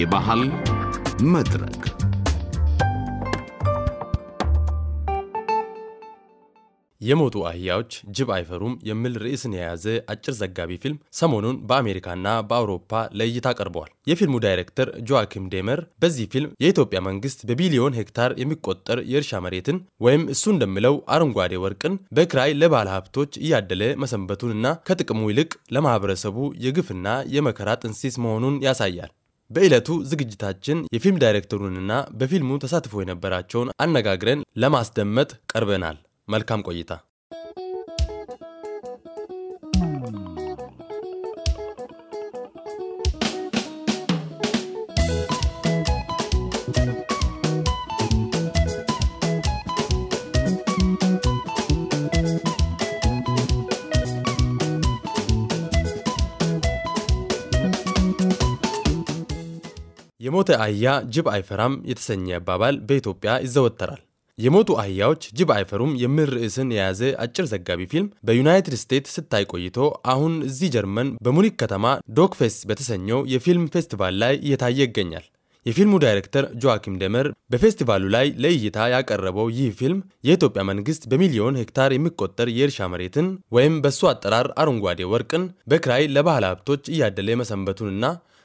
የባህል መድረክ የሞቱ አህያዎች ጅብ አይፈሩም የሚል ርዕስን የያዘ አጭር ዘጋቢ ፊልም ሰሞኑን በአሜሪካና በአውሮፓ ለእይታ ቀርበዋል። የፊልሙ ዳይሬክተር ጆዋኪም ዴመር በዚህ ፊልም የኢትዮጵያ መንግስት በቢሊዮን ሄክታር የሚቆጠር የእርሻ መሬትን ወይም እሱ እንደሚለው አረንጓዴ ወርቅን በክራይ ለባለ ሀብቶች እያደለ መሰንበቱንና ከጥቅሙ ይልቅ ለማህበረሰቡ የግፍና የመከራ ጥንሲስ መሆኑን ያሳያል። በዕለቱ ዝግጅታችን የፊልም ዳይሬክተሩንና በፊልሙ ተሳትፎ የነበራቸውን አነጋግረን ለማስደመጥ ቀርበናል። መልካም ቆይታ። የሞተ አህያ ጅብ አይፈራም የተሰኘ አባባል በኢትዮጵያ ይዘወተራል። የሞቱ አህያዎች ጅብ አይፈሩም የሚል ርዕስን የያዘ አጭር ዘጋቢ ፊልም በዩናይትድ ስቴትስ ስታይ ቆይቶ አሁን እዚህ ጀርመን በሙኒክ ከተማ ዶክ በተሰኘው የፊልም ፌስቲቫል ላይ እየታየ ይገኛል። የፊልሙ ዳይሬክተር ጆአኪም ደመር በፌስቲቫሉ ላይ ለእይታ ያቀረበው ይህ ፊልም የኢትዮጵያ መንግስት በሚሊዮን ሄክታር የሚቆጠር የእርሻ መሬትን ወይም በእሱ አጠራር አረንጓዴ ወርቅን በክራይ ለባህል ሀብቶች እያደለ መሰንበቱንና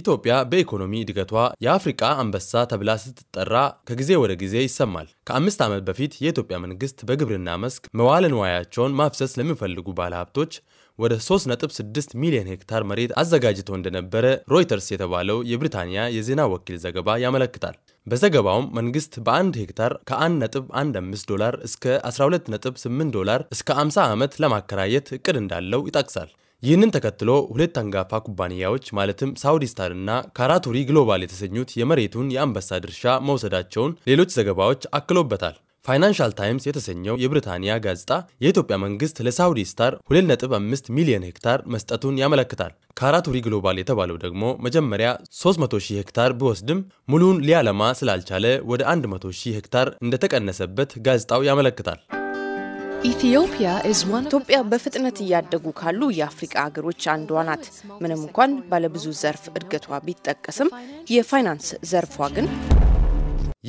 ኢትዮጵያ በኢኮኖሚ እድገቷ የአፍሪቃ አንበሳ ተብላ ስትጠራ ከጊዜ ወደ ጊዜ ይሰማል። ከአምስት ዓመት በፊት የኢትዮጵያ መንግስት በግብርና መስክ መዋለ ንዋያቸውን ማፍሰስ ለሚፈልጉ ባለሀብቶች ወደ 3.6 ሚሊዮን ሄክታር መሬት አዘጋጅቶ እንደነበረ ሮይተርስ የተባለው የብሪታንያ የዜና ወኪል ዘገባ ያመለክታል። በዘገባውም መንግስት በአንድ ሄክታር ከ1.15 ዶላር እስከ 12.8 ዶላር እስከ 50 ዓመት ለማከራየት እቅድ እንዳለው ይጠቅሳል። ይህንን ተከትሎ ሁለት አንጋፋ ኩባንያዎች ማለትም ሳውዲ ስታር እና ካራቱሪ ግሎባል የተሰኙት የመሬቱን የአንበሳ ድርሻ መውሰዳቸውን ሌሎች ዘገባዎች አክሎበታል። ፋይናንሻል ታይምስ የተሰኘው የብሪታንያ ጋዜጣ የኢትዮጵያ መንግስት ለሳውዲ ስታር 2.5 ሚሊዮን ሄክታር መስጠቱን ያመለክታል። ካራቱሪ ግሎባል የተባለው ደግሞ መጀመሪያ 300,000 ሄክታር ቢወስድም ሙሉን ሊያለማ ስላልቻለ ወደ 100ሺህ ሄክታር እንደተቀነሰበት ጋዜጣው ያመለክታል። ኢትዮጵያ በፍጥነት እያደጉ ካሉ የአፍሪቃ ሀገሮች አንዷ ናት። ምንም እንኳን ባለብዙ ዘርፍ እድገቷ ቢጠቀስም የፋይናንስ ዘርፏ ግን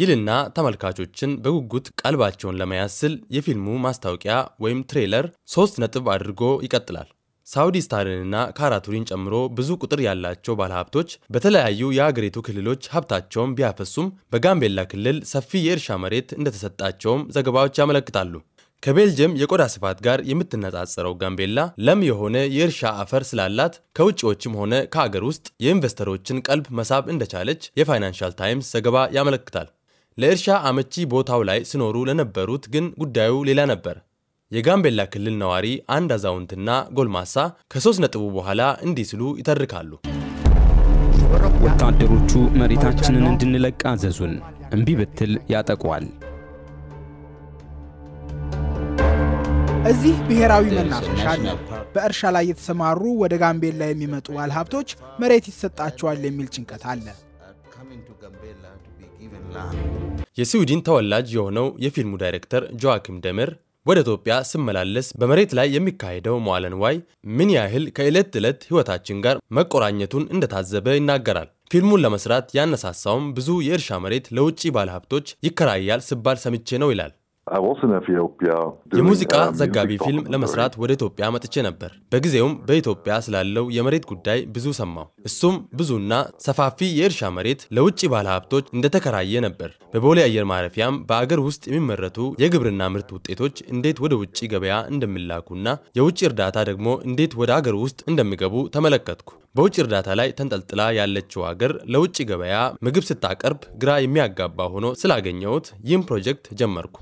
ይልና ተመልካቾችን በጉጉት ቀልባቸውን ለመያዝ ስል የፊልሙ ማስታወቂያ ወይም ትሬለር ሶስት ነጥብ አድርጎ ይቀጥላል። ሳውዲ ስታርንና ካራቱሪን ጨምሮ ብዙ ቁጥር ያላቸው ባለሀብቶች በተለያዩ የአገሪቱ ክልሎች ሀብታቸውን ቢያፈሱም በጋምቤላ ክልል ሰፊ የእርሻ መሬት እንደተሰጣቸውም ዘገባዎች ያመለክታሉ። ከቤልጅየም የቆዳ ስፋት ጋር የምትነጻጸረው ጋምቤላ ለም የሆነ የእርሻ አፈር ስላላት ከውጭዎችም ሆነ ከአገር ውስጥ የኢንቨስተሮችን ቀልብ መሳብ እንደቻለች የፋይናንሻል ታይምስ ዘገባ ያመለክታል። ለእርሻ አመቺ ቦታው ላይ ሲኖሩ ለነበሩት ግን ጉዳዩ ሌላ ነበር። የጋምቤላ ክልል ነዋሪ አንድ አዛውንትና ጎልማሳ ከሶስት ነጥቡ በኋላ እንዲህ ሲሉ ይተርካሉ። ወታደሮቹ መሬታችንን እንድንለቅ አዘዙን። እምቢ ብትል ያጠቋል። እዚህ ብሔራዊ መናፈሻ አለ። በእርሻ ላይ የተሰማሩ ወደ ጋምቤላ የሚመጡ ባለሀብቶች መሬት ይሰጣቸዋል የሚል ጭንቀት አለ። የስዊድን ተወላጅ የሆነው የፊልሙ ዳይሬክተር ጆዋኪም ደምር ወደ ኢትዮጵያ ስመላለስ በመሬት ላይ የሚካሄደው መዋለ ንዋይ ምን ያህል ከዕለት ዕለት ሕይወታችን ጋር መቆራኘቱን እንደታዘበ ይናገራል። ፊልሙን ለመስራት ያነሳሳውም ብዙ የእርሻ መሬት ለውጭ ባለሀብቶች ይከራያል ስባል ሰምቼ ነው ይላል። የሙዚቃ uh, ዘጋቢ ፊልም ለመስራት ወደ ኢትዮጵያ መጥቼ ነበር። በጊዜውም በኢትዮጵያ ስላለው የመሬት ጉዳይ ብዙ ሰማሁ። እሱም ብዙና ሰፋፊ የእርሻ መሬት ለውጭ ባለሀብቶች እንደተከራየ ነበር። በቦሌ አየር ማረፊያም በአገር ውስጥ የሚመረቱ የግብርና ምርት ውጤቶች እንዴት ወደ ውጭ ገበያ እንደሚላኩና የውጭ እርዳታ ደግሞ እንዴት ወደ አገር ውስጥ እንደሚገቡ ተመለከትኩ። በውጭ እርዳታ ላይ ተንጠልጥላ ያለችው ሀገር ለውጭ ገበያ ምግብ ስታቀርብ ግራ የሚያጋባ ሆኖ ስላገኘሁት ይህም ፕሮጀክት ጀመርኩ።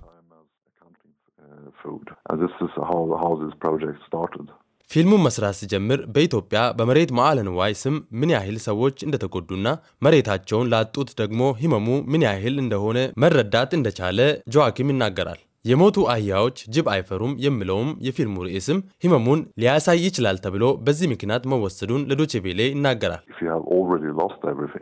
ፊልሙን መስራት ሲጀምር በኢትዮጵያ በመሬት መዋዕለ ንዋይ ስም ምን ያህል ሰዎች እንደተጎዱና መሬታቸውን ላጡት ደግሞ ህመሙ ምን ያህል እንደሆነ መረዳት እንደቻለ ጆዋኪም ይናገራል። የሞቱ አህያዎች ጅብ አይፈሩም የሚለውም የፊልሙ ርዕስም ህመሙን ሊያሳይ ይችላል ተብሎ በዚህ ምክንያት መወሰዱን ለዶቼቬሌ ይናገራል።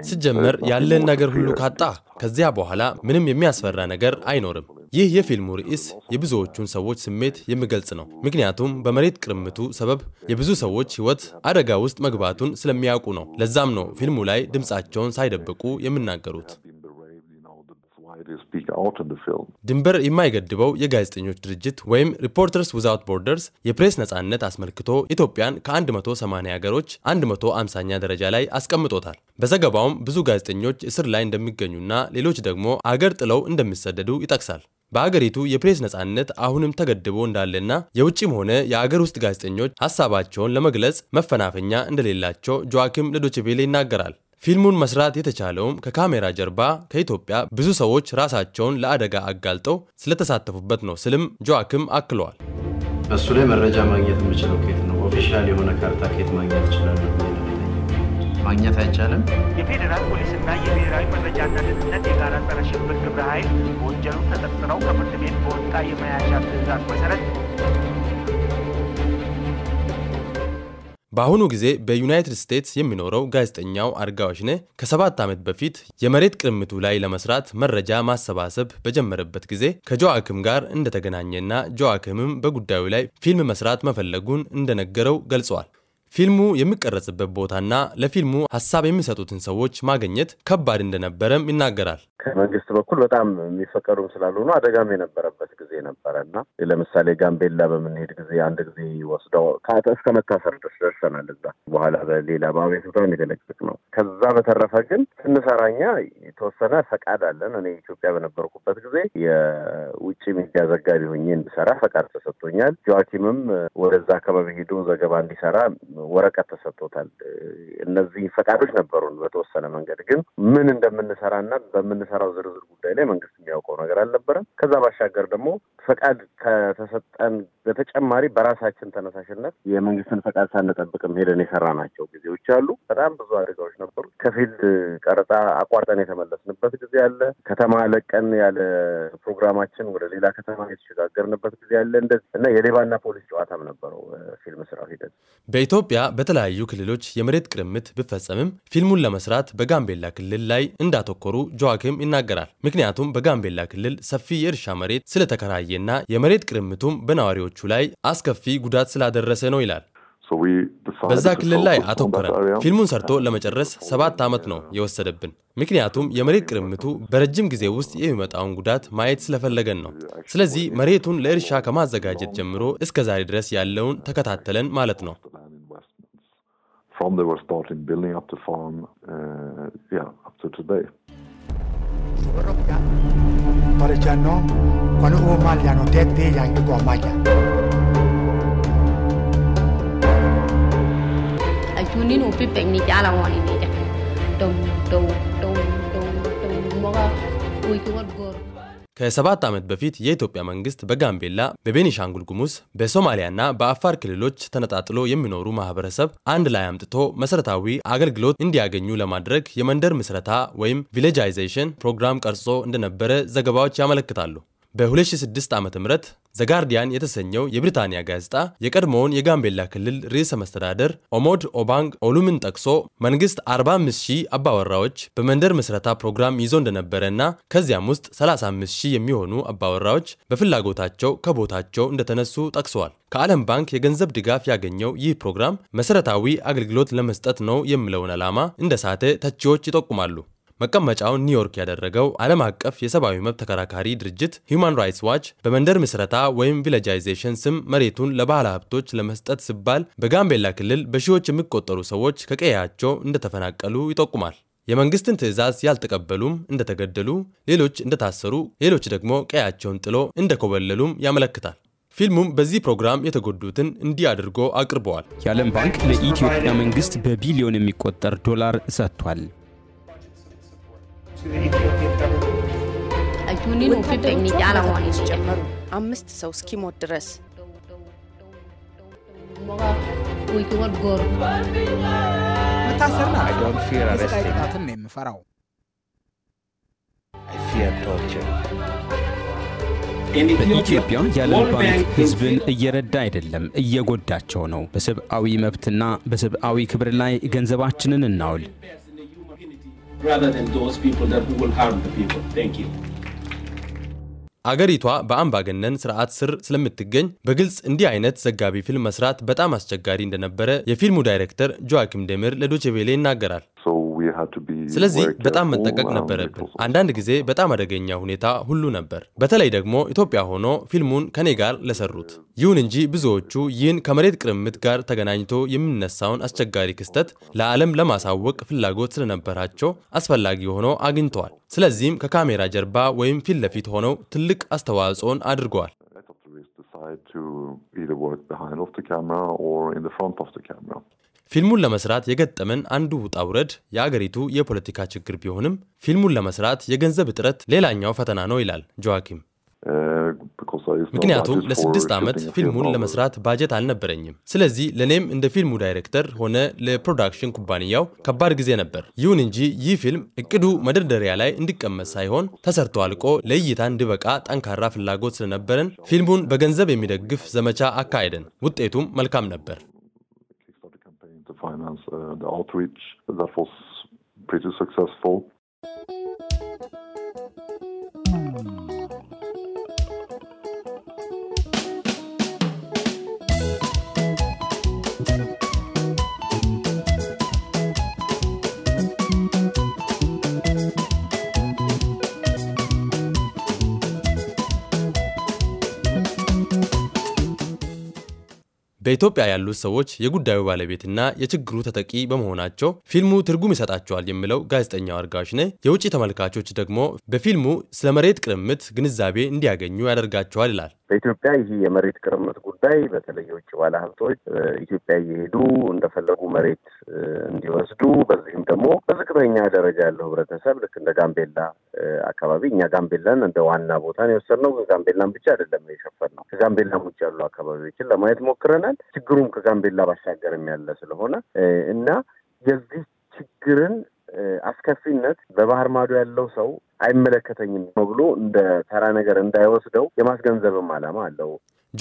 ሲጀመር ያለን ነገር ሁሉ ካጣ ከዚያ በኋላ ምንም የሚያስፈራ ነገር አይኖርም። ይህ የፊልሙ ርዕስ የብዙዎቹን ሰዎች ስሜት የሚገልጽ ነው። ምክንያቱም በመሬት ቅርምቱ ሰበብ የብዙ ሰዎች ህይወት አደጋ ውስጥ መግባቱን ስለሚያውቁ ነው። ለዛም ነው ፊልሙ ላይ ድምፃቸውን ሳይደብቁ የሚናገሩት። ድንበር የማይገድበው የጋዜጠኞች ድርጅት ወይም ሪፖርተርስ ዊዛውት ቦርደርስ የፕሬስ ነጻነት አስመልክቶ ኢትዮጵያን ከ180 ሀገሮች 150ኛ ደረጃ ላይ አስቀምጦታል። በዘገባውም ብዙ ጋዜጠኞች እስር ላይ እንደሚገኙና ሌሎች ደግሞ አገር ጥለው እንደሚሰደዱ ይጠቅሳል። በአገሪቱ የፕሬስ ነጻነት አሁንም ተገድቦ እንዳለና የውጭም ሆነ የአገር ውስጥ ጋዜጠኞች ሀሳባቸውን ለመግለጽ መፈናፈኛ እንደሌላቸው ጆዋኪም ለዶችቬሌ ይናገራል። ፊልሙን መስራት የተቻለውም ከካሜራ ጀርባ ከኢትዮጵያ ብዙ ሰዎች ራሳቸውን ለአደጋ አጋልጠው ስለተሳተፉበት ነው ስልም ጆዋክም አክለዋል። በእሱ ላይ መረጃ ማግኘት የምችለው ኬት ነው? ኦፊሻል የሆነ ካርታ ኬት ማግኘት ይችላል? ማግኘት አይቻልም። የፌዴራል ፖሊስና የብሔራዊ መረጃና ደህንነት የጋራ ጸረ ሽብር ግብረ ኃይል ወንጀሉ ተጠርጥረው ከፍርድ ቤት በወጣ የመያዣ ትዕዛዝ መሰረት በአሁኑ ጊዜ በዩናይትድ ስቴትስ የሚኖረው ጋዜጠኛው አርጋዎሽነ ከሰባት ዓመት በፊት የመሬት ቅርምቱ ላይ ለመስራት መረጃ ማሰባሰብ በጀመረበት ጊዜ ከጆአክም ጋር እንደተገናኘና ጆአክምም በጉዳዩ ላይ ፊልም መስራት መፈለጉን እንደነገረው ገልጸዋል። ፊልሙ የሚቀረጽበት ቦታና ለፊልሙ ሀሳብ የሚሰጡትን ሰዎች ማግኘት ከባድ እንደነበረም ይናገራል። ከመንግስት በኩል በጣም የሚፈቀዱም ስላልሆኑ አደጋም የነበረበት ጊዜ ነበረ እና ለምሳሌ ጋምቤላ በምንሄድ ጊዜ አንድ ጊዜ ወስደው እስከ መታሰር ድረስ ደርሰናል። እዛ በኋላ በሌላ በአቤቱታን የተለቀቅ ነው። ከዛ በተረፈ ግን ስንሰራኛ የተወሰነ ፈቃድ አለን። እኔ ኢትዮጵያ በነበርኩበት ጊዜ የውጭ ሚዲያ ዘጋቢ ሆኜ እንድሰራ ፈቃድ ተሰጥቶኛል። ጆዋኪምም ወደዛ አካባቢ ሄዶ ዘገባ እንዲሰራ ወረቀት ተሰጥቶታል። እነዚህ ፈቃዶች ነበሩን በተወሰነ መንገድ ግን ምን እንደምንሰራና በምንሰራው ዝርዝር ጉዳይ ላይ መንግስት የሚያውቀው ነገር አልነበረም። ከዛ ባሻገር ደግሞ ፈቃድ ከተሰጠን በተጨማሪ በራሳችን ተነሳሽነት የመንግስትን ፈቃድ ሳንጠብቅም ሄደን የሰራናቸው ጊዜዎች አሉ። በጣም ብዙ አደጋዎች ነበሩ። ከፊልድ ቀረጻ አቋርጠን የተመለስንበት ጊዜ አለ። ከተማ ለቀን ያለ ፕሮግራማችን ወደ ሌላ ከተማ የተሸጋገርንበት ጊዜ አለ። እንደዚህ እና የሌባና ፖሊስ ጨዋታም ነበረው ፊልም ስራው ሂደት በኢትዮ በኢትዮጵያ በተለያዩ ክልሎች የመሬት ቅርምት ቢፈጸምም ፊልሙን ለመስራት በጋምቤላ ክልል ላይ እንዳተኮሩ ጆዋኪም ይናገራል። ምክንያቱም በጋምቤላ ክልል ሰፊ የእርሻ መሬት ስለተከራየና የመሬት ቅርምቱም በነዋሪዎቹ ላይ አስከፊ ጉዳት ስላደረሰ ነው ይላል። በዛ ክልል ላይ አተኮረን ፊልሙን ሰርቶ ለመጨረስ ሰባት ዓመት ነው የወሰደብን። ምክንያቱም የመሬት ቅርምቱ በረጅም ጊዜ ውስጥ የሚመጣውን ጉዳት ማየት ስለፈለገን ነው። ስለዚህ መሬቱን ለእርሻ ከማዘጋጀት ጀምሮ እስከ ዛሬ ድረስ ያለውን ተከታተለን ማለት ነው። from they were starting building up the farm, uh, yeah, up to today. ከሰባት ዓመት በፊት የኢትዮጵያ መንግስት በጋምቤላ፣ በቤኒሻንጉል ጉሙዝ፣ በሶማሊያና በአፋር ክልሎች ተነጣጥሎ የሚኖሩ ማህበረሰብ አንድ ላይ አምጥቶ መሰረታዊ አገልግሎት እንዲያገኙ ለማድረግ የመንደር ምስረታ ወይም ቪሌጃይዜሽን ፕሮግራም ቀርጾ እንደነበረ ዘገባዎች ያመለክታሉ። በ2006 ዓ.ም ዘጋርዲያን የተሰኘው የብሪታንያ ጋዜጣ የቀድሞውን የጋምቤላ ክልል ርዕሰ መስተዳደር ኦሞድ ኦባንግ ኦሉምን ጠቅሶ መንግስት 45 ሺህ አባወራዎች በመንደር ምስረታ ፕሮግራም ይዞ እንደነበረ እና ከዚያም ውስጥ 35 ሺህ የሚሆኑ አባወራዎች በፍላጎታቸው ከቦታቸው እንደተነሱ ጠቅሰዋል። ከዓለም ባንክ የገንዘብ ድጋፍ ያገኘው ይህ ፕሮግራም መሰረታዊ አገልግሎት ለመስጠት ነው የሚለውን ዓላማ እንደ ሳተ ተቺዎች ይጠቁማሉ። መቀመጫውን ኒውዮርክ ያደረገው ዓለም አቀፍ የሰብአዊ መብት ተከራካሪ ድርጅት ሂዩማን ራይትስ ዋች በመንደር ምስረታ ወይም ቪሌጃይዜሽን ስም መሬቱን ለባህል ሀብቶች ለመስጠት ሲባል በጋምቤላ ክልል በሺዎች የሚቆጠሩ ሰዎች ከቀያቸው እንደተፈናቀሉ ይጠቁማል። የመንግስትን ትዕዛዝ ያልተቀበሉም እንደተገደሉ፣ ሌሎች እንደታሰሩ፣ ሌሎች ደግሞ ቀያቸውን ጥሎ እንደኮበለሉም ያመለክታል። ፊልሙም በዚህ ፕሮግራም የተጎዱትን እንዲህ አድርጎ አቅርበዋል። የዓለም ባንክ ለኢትዮጵያ መንግስት በቢሊዮን የሚቆጠር ዶላር ሰጥቷል። አምስት ሰው እስኪሞት ድረስ መታሰርና ቅጣትን የምፈራው። በኢትዮጵያ የዓለም ባንክ ሕዝብን እየረዳ አይደለም፣ እየጎዳቸው ነው። በሰብአዊ መብትና በሰብአዊ ክብር ላይ ገንዘባችንን እናውል። rather than those people that will harm the people. Thank you. አገሪቷ በአምባገነን ስርዓት ስር ስለምትገኝ በግልጽ እንዲህ አይነት ዘጋቢ ፊልም መስራት በጣም አስቸጋሪ እንደነበረ የፊልሙ ዳይሬክተር ጆዋኪም ደሚር ለዶቼቬሌ ይናገራል። ስለዚህ በጣም መጠቀቅ ነበረብን። አንዳንድ ጊዜ በጣም አደገኛ ሁኔታ ሁሉ ነበር። በተለይ ደግሞ ኢትዮጵያ ሆኖ ፊልሙን ከኔ ጋር ለሰሩት። ይሁን እንጂ ብዙዎቹ ይህን ከመሬት ቅርምት ጋር ተገናኝቶ የሚነሳውን አስቸጋሪ ክስተት ለዓለም ለማሳወቅ ፍላጎት ስለነበራቸው አስፈላጊ ሆኖ አግኝተዋል። ስለዚህም ከካሜራ ጀርባ ወይም ፊት ለፊት ሆነው ትልቅ አስተዋጽኦን አድርገዋል። ፊልሙን ለመስራት የገጠመን አንዱ ውጣ ውረድ የአገሪቱ የፖለቲካ ችግር ቢሆንም ፊልሙን ለመስራት የገንዘብ እጥረት ሌላኛው ፈተና ነው ይላል ጆዋኪም። ምክንያቱም ለስድስት ዓመት ፊልሙን ለመስራት ባጀት አልነበረኝም። ስለዚህ ለእኔም እንደ ፊልሙ ዳይሬክተር ሆነ ለፕሮዳክሽን ኩባንያው ከባድ ጊዜ ነበር። ይሁን እንጂ ይህ ፊልም እቅዱ መደርደሪያ ላይ እንዲቀመጥ ሳይሆን ተሰርቶ አልቆ ለእይታ እንዲበቃ ጠንካራ ፍላጎት ስለነበረን ፊልሙን በገንዘብ የሚደግፍ ዘመቻ አካሄደን። ውጤቱም መልካም ነበር። and uh, the outreach that was pretty successful. በኢትዮጵያ ያሉት ሰዎች የጉዳዩ ባለቤትና የችግሩ ተጠቂ በመሆናቸው ፊልሙ ትርጉም ይሰጣቸዋል የሚለው ጋዜጠኛው ነ የውጭ ተመልካቾች ደግሞ በፊልሙ ስለ መሬት ቅርምት ግንዛቤ እንዲያገኙ ያደርጋቸዋል ይላል። በኢትዮጵያ ይህ የመሬት ቅርምት ጉዳይ በተለይ የውጭ ባለሀብቶች ኢትዮጵያ እየሄዱ እንደፈለጉ መሬት እንዲወስዱ በዚህም ደግሞ በዝቅተኛ ደረጃ ያለው ህብረተሰብ ልክ እንደ ጋምቤላ አካባቢ እኛ ጋምቤላን እንደ ዋና ቦታን የወሰድነው ጋምቤላን ብቻ አይደለም የሸፈነው ከጋምቤላም ውጭ ያሉ አካባቢዎችን ለማየት ሞክረናል። ችግሩም ከጋምቤላ ባሻገርም ያለ ስለሆነ እና የዚህ ችግርን አስከፊነት በባህር ማዶ ያለው ሰው አይመለከተኝም ብሎ እንደ ተራ ነገር እንዳይወስደው የማስገንዘብም ዓላማ አለው።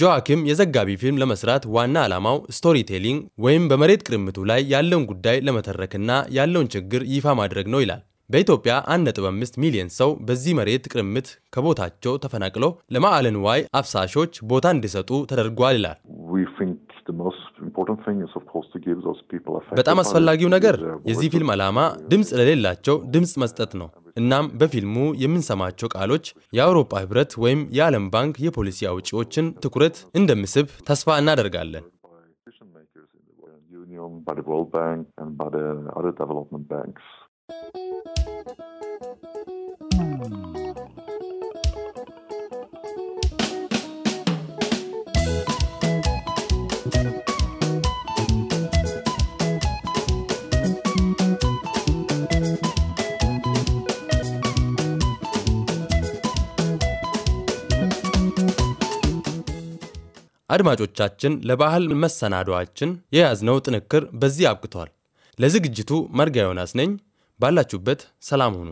ጆዋኪም የዘጋቢ ፊልም ለመስራት ዋና ዓላማው ስቶሪ ቴሊንግ ወይም በመሬት ቅርምቱ ላይ ያለውን ጉዳይ ለመተረክና ያለውን ችግር ይፋ ማድረግ ነው ይላል። በኢትዮጵያ 1.5 ሚሊዮን ሰው በዚህ መሬት ቅርምት ከቦታቸው ተፈናቅለው ለማዕለንዋይ አፍሳሾች ቦታ እንዲሰጡ ተደርጓል ይላል። በጣም አስፈላጊው ነገር የዚህ ፊልም ዓላማ ድምፅ ለሌላቸው ድምፅ መስጠት ነው። እናም በፊልሙ የምንሰማቸው ቃሎች የአውሮፓ ህብረት ወይም የዓለም ባንክ የፖሊሲ አውጪዎችን ትኩረት እንደምስብ ተስፋ እናደርጋለን። by the World Bank and by the other development banks. አድማጮቻችን ለባህል መሰናዷችን የያዝነው ጥንክር በዚህ አብቅቷል። ለዝግጅቱ መርጋ ዮናስ ነኝ። ባላችሁበት ሰላም ሁኑ።